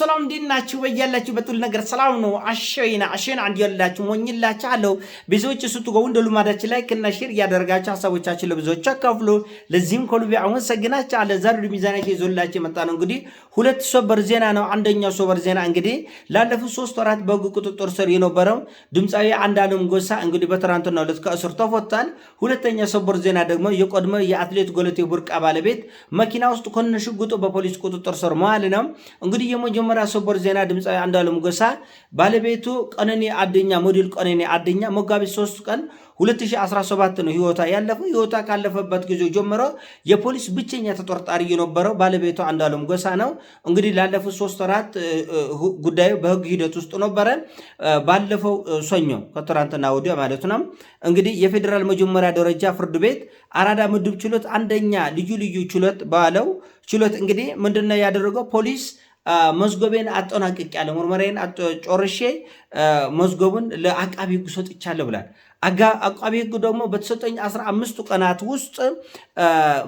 ሰላም እንዴት ናችሁ? በያላችሁ በጥል ነገር ሰላም ነው። አሸይና አሸይና አንድ ያላችሁ ሞኝላችሁ አለው ብዙዎች እሱ ስትገቡ እንደ ልማዳችን ላይ ክና ሼር እያደረጋችሁ ሀሳቦቻችሁ ለብዙዎች አካፍሉ። ለዚህም ከልቤ አመሰግናችሁ አለ። ዛሬ ወደ ይዞላችሁ የመጣ ነው እንግዲህ ሁለት ሶበር ዜና ነው። አንደኛው ሶበር ዜና እንግዲህ ላለፉት ሶስት ወራት በሕግ ቁጥጥር ስር የነበረው ድምፃዊ አንዱዓለም ጎሳ እንግዲህ በትናንትናው ዕለት ከእስር ተፈቷል። ሁለተኛ ሶበር ዜና ደግሞ የቀድሞ የአትሌት ጎለቴ ቡርቃ ባለቤት መኪና ውስጥ ከነ ሽጉጡ በፖሊስ ቁጥጥር ስር መዋል ነው እንግዲህ የመጀመሪያ ሰበር ዜና ድምፃዊ አንዱዓለም ጎሳ ባለቤቱ ቀነኔ አደኛ ሞዴል ቀነኔ አደኛ መጋቢት 3 ቀን 2017 ነው ህይወቷ ያለፈው። ህይወቷ ካለፈበት ጊዜ ጀምሮ የፖሊስ ብቸኛ ተጠርጣሪ የነበረው ባለቤቱ አንዱዓለም ጎሳ ነው። እንግዲህ ላለፉት ሶስት ወራት ጉዳዩ በህግ ሂደት ውስጥ ነበረ። ባለፈው ሰኞ ከትናንትና ወዲያ ማለት ነው እንግዲህ የፌዴራል መጀመሪያ ደረጃ ፍርድ ቤት አራዳ ምድብ ችሎት አንደኛ ልዩ ልዩ ችሎት ባለው ችሎት እንግዲህ ምንድነው ያደረገው ፖሊስ መዝገቤን ያለ ምርመራዬን ጨርሼ መዝገቡን ለአቃቢ ህግ ሰጥቻለሁ ብላል። አቃቢ ህግ ደግሞ በተሰጠኝ አስራ አምስቱ ቀናት ውስጥ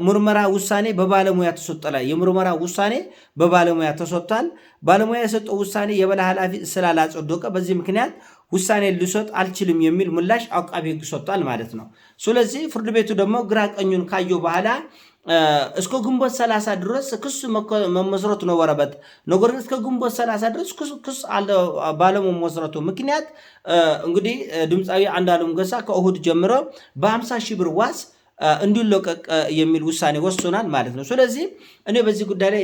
ምርመራ ውሳኔ በባለሙያ ተሰጠላ። የምርመራ ውሳኔ በባለሙያ ተሰጥቷል። ባለሙያ የሰጠው ውሳኔ የበላይ ኃላፊ ስላላጸደቀ በዚህ ምክንያት ውሳኔ ልሰጥ አልችልም የሚል ምላሽ አቃቢ ህግ ሰጥቷል ማለት ነው። ስለዚህ ፍርድ ቤቱ ደግሞ ግራ ቀኙን ካየው በኋላ እስከ ግንቦት ሰላሳ ድረስ ክስ መመስረቱ ነበረበት። ነገር ግን እስከ ግንቦት ሰላሳ ድረስ ክስ ባለመመስረቱ ምክንያት እንግዲህ ድምፃዊ አንዱዓለም ጎሳ ከእሁድ ጀምሮ በሀምሳ ሺህ ብር ዋስ እንዲለቀቅ የሚል ውሳኔ ወስኗል ማለት ነው። ስለዚህ እኔ በዚህ ጉዳይ ላይ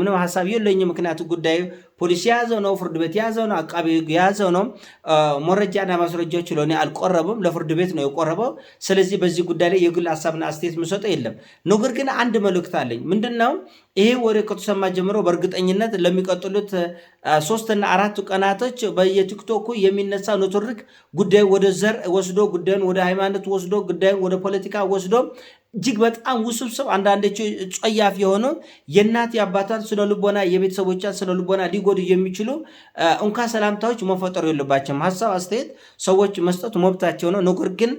ምንም ሀሳብ የለኝም። ምክንያቱ ጉዳዩ ፖሊስ የያዘው ነው፣ ፍርድ ቤት የያዘው ነው፣ አቃቢ የያዘው ነው። መረጃና ማስረጃዎች ለሆነ አልቆረበም፣ ለፍርድ ቤት ነው የቆረበው። ስለዚህ በዚህ ጉዳይ ላይ የግል ሀሳብና አስተያየት የምሰጠው የለም። ነገር ግን አንድ መልእክት አለኝ። ምንድን ነው ይሄ ወሬ ከተሰማ ጀምሮ በእርግጠኝነት ለሚቀጥሉት ሶስትና አራት ቀናቶች በየቲክቶኩ የሚነሳ ንትርክ ጉዳይ ወደ ዘር ወስዶ ጉዳዩን ወደ ሃይማኖት ወስዶ ጉዳዩን ወደ ፖለቲካ ወስዶ እጅግ በጣም ውስብስብ አንዳንድ ጸያፍ የሆኑ የእናት የአባቷን ስነ ልቦና የቤተሰቦቿን ስነ ልቦና ሊጎዱ የሚችሉ እንኳ ሰላምታዎች መፈጠሩ የለባቸውም። ሀሳብ አስተያየት ሰዎች መስጠት መብታቸው ነው። ነገር ግን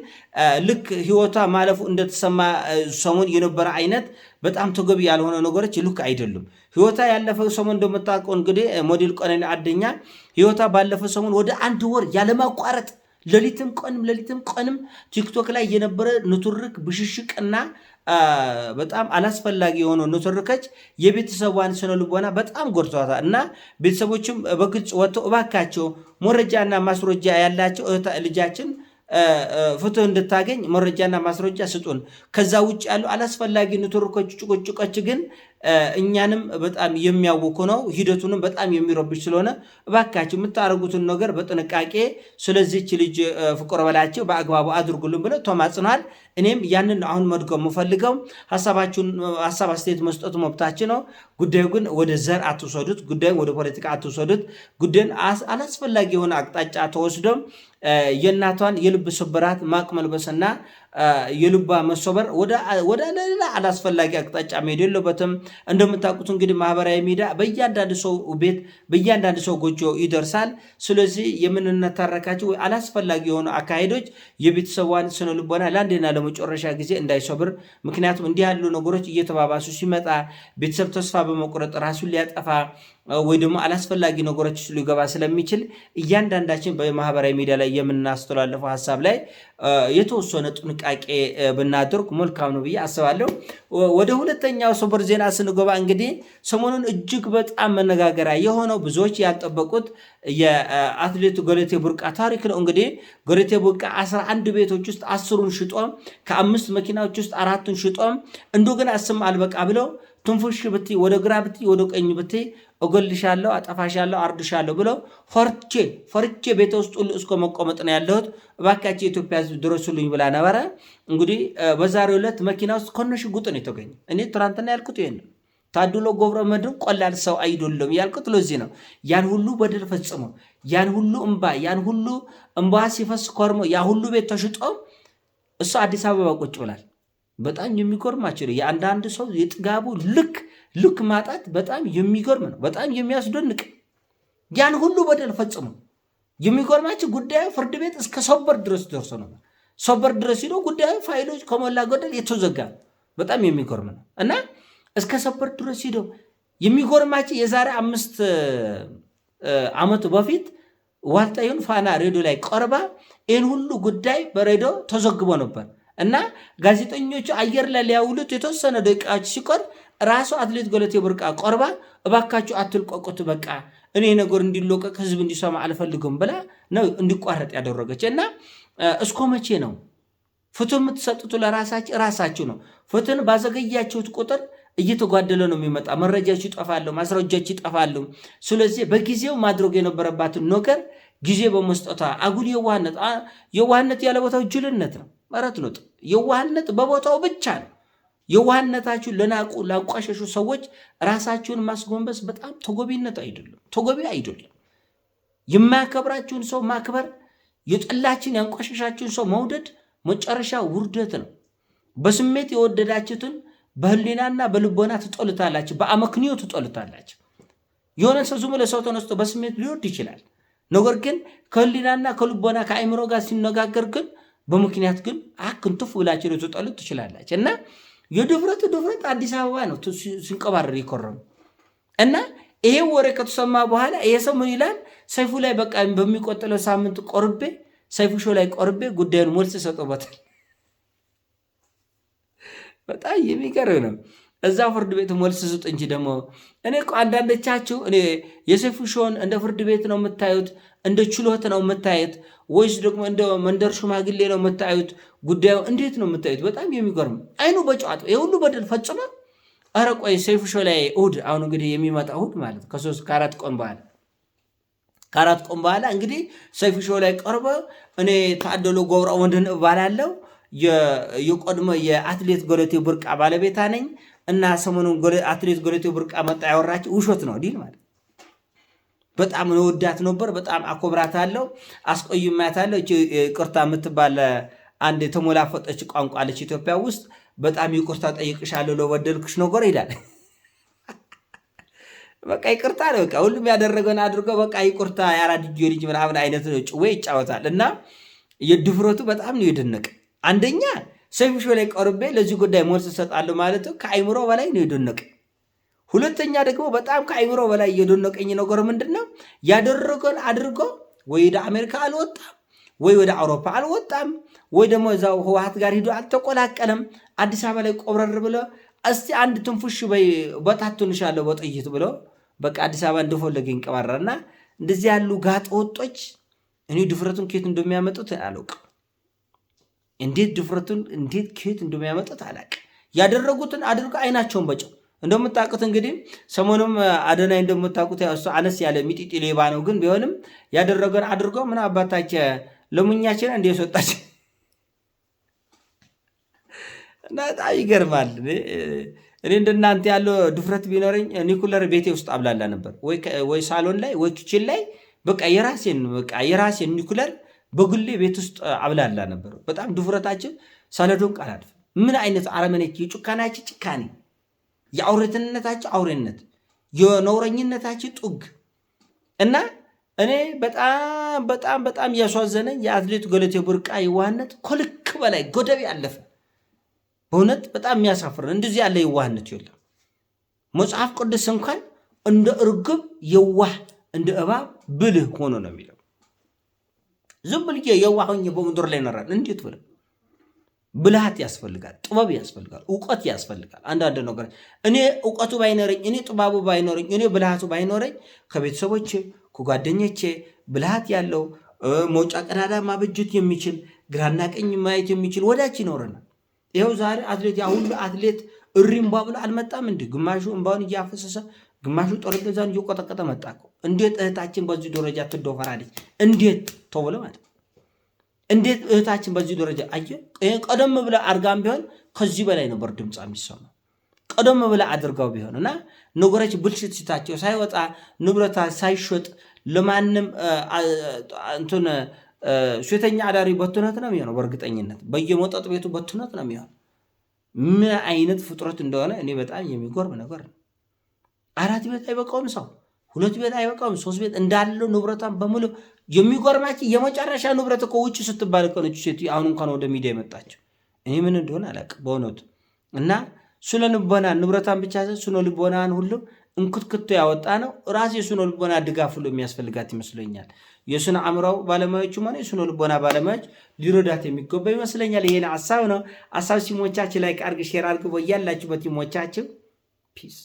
ልክ ህይወቷ ማለፉ እንደተሰማ ሰሞን የነበረ አይነት በጣም ተገቢ ያልሆነ ነገሮች ልክ አይደሉም። ህይወቷ ያለፈው ሰሞን እንደምታውቀው እንግዲህ ሞዴል ቀነኒ አደኛ ህይወቷ ባለፈው ሰሞን ወደ አንድ ወር ያለማቋረጥ ሌሊትም ቀንም ሌሊትም ቀንም ቲክቶክ ላይ የነበረ ንትርክ ብሽሽቅና በጣም አላስፈላጊ የሆነ ንትርከች የቤተሰቧን ስነ ልቦና በጣም ጎድቷታል እና ቤተሰቦችም በግልጽ ወጥተው እባካቸው መረጃና ማስረጃ ያላቸው ልጃችን ፍትህ እንድታገኝ መረጃና ማስረጃ ስጡን። ከዛ ውጭ ያሉ አላስፈላጊ ንትርኮች፣ ጭቁጭቆች ግን እኛንም በጣም የሚያውኩ ነው። ሂደቱንም በጣም የሚረብሽ ስለሆነ እባካችሁ የምታደርጉትን ነገር በጥንቃቄ ስለዚች ልጅ ፍቅር በላቸው በአግባቡ አድርጉልን ብለ ተማጽኗል። እኔም ያንን አሁን መድጎ የምፈልገው ሀሳባችሁን ሀሳብ አስተያየት መስጠቱ መብታችሁ ነው። ጉዳዩ ግን ወደ ዘር አትውሰዱት። ጉዳዩ ወደ ፖለቲካ አትውሰዱት። ጉዳዩን አላስፈላጊ የሆነ አቅጣጫ ተወስዶ የእናቷን የልብ ስብራት ማቅ መልበስና የልቧ መሰበር ወደ ሌላ አላስፈላጊ አቅጣጫ መሄድ የለበትም። እንደምታውቁት እንግዲህ ማህበራዊ ሚዲያ በእያንዳንድ ሰው ቤት በእያንዳንድ ሰው ጎጆ ይደርሳል። ስለዚህ የምንነታረካቸው አላስፈላጊ የሆኑ አካሄዶች የቤተሰቧን ስነ ልቦና ለአንዴና ለመጨረሻ ጊዜ እንዳይሰብር፣ ምክንያቱም እንዲህ ያሉ ነገሮች እየተባባሱ ሲመጣ ቤተሰብ ተስፋ በመቁረጥ ራሱን ሊያጠፋ ወይ ደግሞ አላስፈላጊ ነገሮች ውስጥ ሊገባ ስለሚችል እያንዳንዳችን በማህበራዊ ሚዲያ ላይ የምናስተላለፈው ሀሳብ ላይ የተወሰነ ጥንቃቄ ብናደርግ መልካም ነው ብዬ አስባለሁ። ወደ ሁለተኛው ሰበር ዜና ስንገባ እንግዲህ ሰሞኑን እጅግ በጣም መነጋገሪያ የሆነው ብዙዎች ያልጠበቁት የአትሌት ገለቴ ቡርቃ ታሪክ ነው። እንግዲህ ገለቴ ቡርቃ 11 ቤቶች ውስጥ አስሩን ሽጦም ከአምስት መኪናዎች ውስጥ አራቱን ሽጦም እንደገና ስም አልበቃ ብለው ትንፎሽ ብትይ ወደ ግራ ብትይ ወደ ቀኝ ብትይ እጎልሻለሁ፣ አጠፋሻለሁ፣ አርዱሻለሁ ብለው ፈርቼ ፈርቼ ቤተ ውስጥ ሁሉ እስከ መቆመጥ ነው ያለሁት። እባካቸው የኢትዮጵያ ሕዝብ ድረሱልኝ ብላ ነበረ። እንግዲህ በዛሬው ዕለት መኪና ውስጥ ከነሽ ጉጥ ነው የተገኘ። እኔ ትናንትና ያልኩት ይሄን ታድሎ ጎብረ ምድር ቆላል ሰው አይደለም ያልኩት ለዚህ ነው። ያን ሁሉ በደል ፈጽሞ ያን ሁሉ እምባ ያን ሁሉ እምባ ሲፈስ ኮርሞ ያ ሁሉ ቤት ተሽጦ እሱ አዲስ አበባ ቁጭ ብላል። በጣም የሚጎርማቸው የአንዳንድ ሰው የጥጋቡ ልክ ልክ ማጣት በጣም የሚጎርም ነው። በጣም የሚያስደንቅ ያን ሁሉ በደል ፈጽሙ የሚጎርማቸው ጉዳዩ ፍርድ ቤት እስከ ሶበር ድረስ ደርሶ ነው። ሶበር ድረስ ሄዶ ጉዳዩ ፋይሎች ከሞላ ጎደል የተዘጋ በጣም የሚጎርም ነው እና እስከ ሰበር ድረስ ሄዶ የሚጎርማቸው የዛሬ አምስት ዓመት በፊት ዋልታዩን ፋና ሬዲዮ ላይ ቀርባ ይህን ሁሉ ጉዳይ በሬዲዮ ተዘግቦ ነበር። እና ጋዜጠኞቹ አየር ላይ ሊያውሉት የተወሰነ ደቂቃዎች ሲቆር ራሱ አትሌት ገለቴ ቡርቃ ቆርባ እባካችሁ አትልቆቁት፣ በቃ እኔ ነገር እንዲለቀቅ ህዝብ እንዲሰማ አልፈልግም ብላ ነው እንዲቋረጥ ያደረገች። እና እስኮ መቼ ነው ፍትህ የምትሰጡት? ለራሳችሁ ራሳችሁ ነው። ፍትህን ባዘገያችሁት ቁጥር እየተጓደለ ነው የሚመጣ። መረጃዎች ይጠፋሉ፣ ማስረጃዎች ይጠፋሉ። ስለዚህ በጊዜው ማድረግ የነበረባትን ነገር ጊዜ በመስጠቷ አጉል የዋህነት የዋህነት ያለ ቦታው ጅልነት ነው። ነው። የዋህነት በቦታው ብቻ ነው። የዋህነታችሁን ለናቁ ላቋሸሹ ሰዎች ራሳችሁን ማስጎንበስ በጣም ተጎቢነት አይደለም፣ ተጎቢ አይደለም። የማያከብራችሁን ሰው ማክበር፣ የጠላችን ያንቋሸሻችሁን ሰው መውደድ መጨረሻ ውርደት ነው። በስሜት የወደዳችሁትን በህሊናና በልቦና ትጦልታላችሁ፣ በአመክንዮ ትጦልታላችሁ። የሆነ ሰው ዝም ለሰው ተነስቶ በስሜት ሊወድ ይችላል። ነገር ግን ከህሊናና ከልቦና ከአይምሮ ጋር ሲነጋገር ግን በምክንያት ግን አክንቱፍ ብላችሁ ልትጠሉ ትችላለች እና የድፍረት ድፍረት አዲስ አበባ ነው ሲንቀባረር ይኮረም እና ይሄ ወሬ ከተሰማ በኋላ ይሄ ሰው ምን ይላል? ሰይፉ ላይ በቃ በሚቆጥለው ሳምንት ቆርቤ ሰይፉ ሾው ላይ ቆርቤ ጉዳዩን መልስ ሰጥበታል። በጣም የሚገርም ነው። እዛ ፍርድ ቤት መልስ ስጥ እንጂ ደግሞ እኔ እኮ አንዳንዶቻችሁ እኔ ዮሴፍ ሾን እንደ ፍርድ ቤት ነው የምታዩት፣ እንደ ችሎት ነው የምታዩት፣ ወይስ ደግሞ እንደ መንደር ሽማግሌ ነው የምታዩት? ጉዳዩ እንዴት ነው የምታዩት? በጣም የሚገርም አይኑ በጨዋጥ የሁሉ በደል ፈጽመ ኧረ ቆይ ሾ ላይ እሁድ አሁን እንግዲህ የሚመጣ እሑድ ማለት ከሶስት ከአራት ቀን በኋላ ከአራት ቀን በኋላ እንግዲህ ዮሴፍ ሾ ላይ ቀርበ እኔ ታደሎ ገብረ ወንድን እባላለሁ የቀድሞ የአትሌት ገለቴ ቡርቃ ባለቤታ ነኝ እና ሰሞኑን አትሌት ጎለቴ ቡርቃ መጣ ያወራቸው ውሾት ነው ዲል ማለት በጣም ወዳት ነበር። በጣም አኮብራት አለው አስቆይማያት አለው። እ ቅርታ የምትባል አንድ የተሞላፈጠች ቋንቋ አለች ኢትዮጵያ ውስጥ። በጣም ይቅርታ ጠይቅሻለሁ ለበደልኩሽ ነገር ይላል። በቃ ይቅርታ ነው። በቃ ሁሉም ያደረገን አድርጎ በቃ ይቅርታ ያራድጆ ልጅ ምናምን አይነት ጭዌ ይጫወታል እና የድፍረቱ በጣም ነው የደነቀ አንደኛ ሰሚሾ ላይ ቀርቤ ለዚህ ጉዳይ መልስ እሰጣለሁ ማለት ከአይምሮ በላይ ነው የደነቀ። ሁለተኛ ደግሞ በጣም ከአይምሮ በላይ የደነቀኝ ነገር ምንድን ነው ያደረገን አድርጎ ወይ ወደ አሜሪካ አልወጣም ወይ ወደ አውሮፓ አልወጣም ወይ ደግሞ እዛው ህወሓት ጋር ሂዶ አልተቆላቀለም። አዲስ አበባ ላይ ቆብረር ብሎ እስቲ አንድ ትንፉሽ በይ በታትንሻለሁ በጥይት ብሎ በቃ አዲስ አበባ እንደፈለገ ይንቀባረርና እንደዚህ ያሉ ጋጠ ወጦች እኔ ድፍረቱን ኬት እንደሚያመጡት አላውቅም። እንዴት ድፍረቱን እንዴት ከየት እንደሚያመጡት አላቅ። ያደረጉትን አድርጎ አይናቸውን በጨው እንደምታውቁት እንግዲህ ሰሞኑም አደናይ እንደምታውቁት እሱ አነስ ያለ ሚጢጢ ሌባ ነው። ግን ቢሆንም ያደረገን አድርጎ ምን አባታቸው ለሙኛችን እንደ የሰጣች እና በጣም ይገርማል። እኔ እንደናንተ ያለው ድፍረት ቢኖረኝ ኒኩለር ቤቴ ውስጥ አብላላ ነበር፣ ወይ ሳሎን ላይ ወይ ኪችን ላይ በቃ የራሴን በቃ የራሴን ኒኩለር በግሌ ቤት ውስጥ አብላላ ነበር። በጣም ድፍረታችን ሳለዶን ቃል ምን አይነት አረመኔች የጭካናችን ጭካኔ፣ የአውሬትነታችን አውሬነት፣ የነውረኝነታችን ጡግ እና እኔ በጣም በጣም በጣም እያስዋዘነኝ የአትሌቱ ገለቴ ቡርቃ የዋህነት ከልክ በላይ ገደብ ያለፈ በእውነት በጣም የሚያሳፍር እንደዚህ ያለ የዋህነት የለም። መጽሐፍ ቅዱስ እንኳን እንደ እርግብ የዋህ እንደ እባብ ብልህ ሆኖ ነው የሚለው። ዝም ብልዬ የዋሆኝ በምድር ላይ ነራል እንዴት ብለ ብልሃት ያስፈልጋል፣ ጥበብ ያስፈልጋል፣ እውቀት ያስፈልጋል። አንዳንድ ነገር እኔ እውቀቱ ባይኖረኝ፣ እኔ ጥባቡ ባይኖረኝ፣ እኔ ብልሃቱ ባይኖረኝ ከቤተሰቦቼ ከጓደኞቼ ብልሃት ያለው መውጫ ቀዳዳ ማበጀት የሚችል ግራና ቀኝ ማየት የሚችል ወዳጅ ይኖረናል። ይኸው ዛሬ አትሌት ያሁሉ አትሌት እሪ እምባ ብሎ አልመጣም እንዲህ ግማሹ እምባውን እያፈሰሰ ግማሹ ጠረጴዛን እየቆጠቀጠ መጣ እኮ። እንዴት እህታችን በዚህ ደረጃ ትደፈራለች? እንዴት ተብሎ ማለት እንዴት እህታችን በዚህ ደረጃ አየ። ቀደም ብለ አድርጋም ቢሆን ከዚህ በላይ ነበር ድምፃ የሚሰማ ቀደም ብለ አድርገው ቢሆን እና ነገሮች ብልሽት ሲታቸው ሳይወጣ ንብረታ ሳይሸጥ ለማንም እንትን ሴተኛ አዳሪ በትነት ነው የሚሆነው። በእርግጠኝነት በየመጠጥ ቤቱ በትነት ነው የሚሆነው። ምን አይነት ፍጥረት እንደሆነ እኔ በጣም የሚጎርም ነገር ነው። አራት ቤት አይበቃውም ሰው ሁለት ቤት አይበቃውም ሶስት ቤት እንዳለው ንብረቷን በሙሉ የሚጎርማች የመጨረሻ ንብረት እኮ ውጭ ስትባል እኮ ነች ሴት አሁን እንኳን ወደ ሚዲያ የመጣችው እኔ ምን እንደሆነ አላውቅም በእውነቱ እና ስነ ልቦና ንብረቷን ብቻ ሰ ስነ ልቦናን ሁሉ እንክትክቶ ያወጣ ነው ራስ የስነ ልቦና ድጋፍ ሁሉ የሚያስፈልጋት ይመስለኛል የስነ አእምሮ ባለሙያዎችም ሆነ የስነ ልቦና ባለሙያዎች ሊረዳት የሚገባ ይመስለኛል ይሄን ሀሳብ ነው ሀሳብ ሲሞቻችን ላይ አድርግ ሼር አድርግ በያላችሁበት ይሞቻችን ፒስ